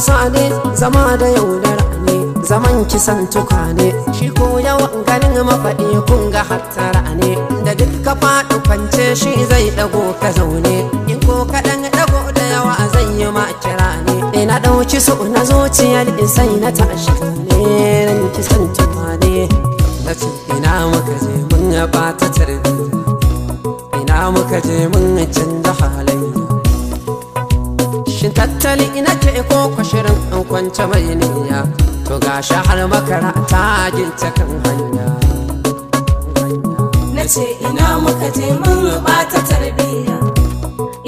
kisa zama da yaudara ne zaman kisan tuka ne shi ko yawan ganin mafaɗi kun ga hattara ne da duk ka faɗi kwance shi zai ɗago ka zaune in ko kaɗan dago da yawa zan yi ma kira ne ina eh, ɗauki su na zuciyar sai na tashi ne ran kisan tuka ne na ina muka je mun ɓata tarbiyya ina muka je mun canza halayya cikin tattali ina ce ko kwashirin in kwanta mai niyya to ga shahar makara ta gince kan hanya na ce ina muka je mun ta tarbiyya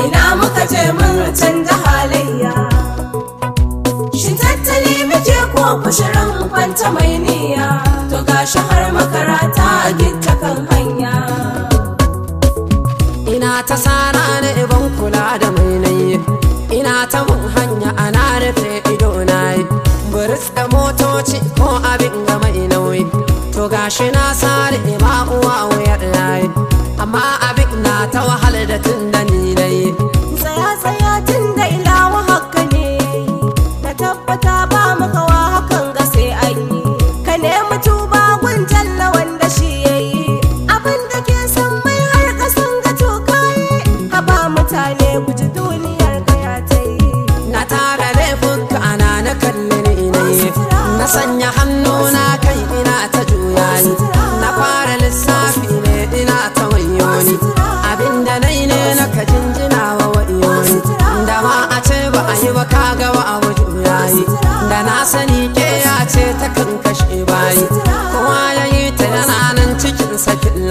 ina muka je mun canza halayya shin tattali muke ko kwashirin in kwanta mai niyya to ga shahar makara ta gince kan hanya ina ta sara ne gashi na sa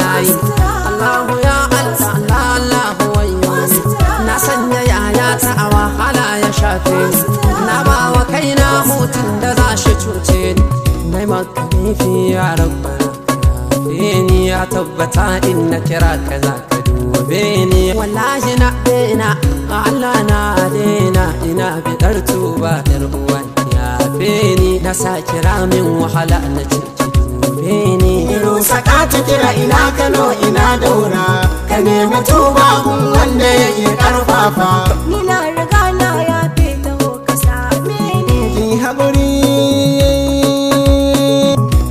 nayi Allahu ya Allah wayo na sanya yaya ta a wahala ya shafe na ba wa kaina hutun da za shi cuce ni nai maka nufi ya rabba eh, ni ya tabbata in na kira ka za ka dube ni wallahi na daina Allah na daina ina bidar tuba yar uwan ya ni na sa kira min wahala na cuce Beni rusa saka ta kira ina kano ina daura ka nemi tuba kun wanda ya iya karfafa ni na riga na ya fi ta kasa Beni ki haƙuri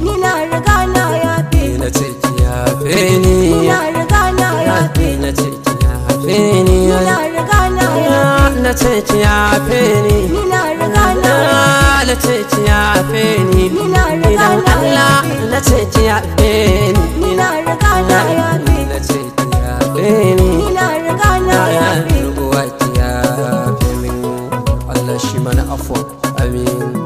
ni na riga na ya fi na ce ki ya fi ni na riga na ya fi na ce ki ya fi ni na riga na ya fi na ce ki ya ni haife ni ya rubuwa ya fi min Allah shi mana afuwa amin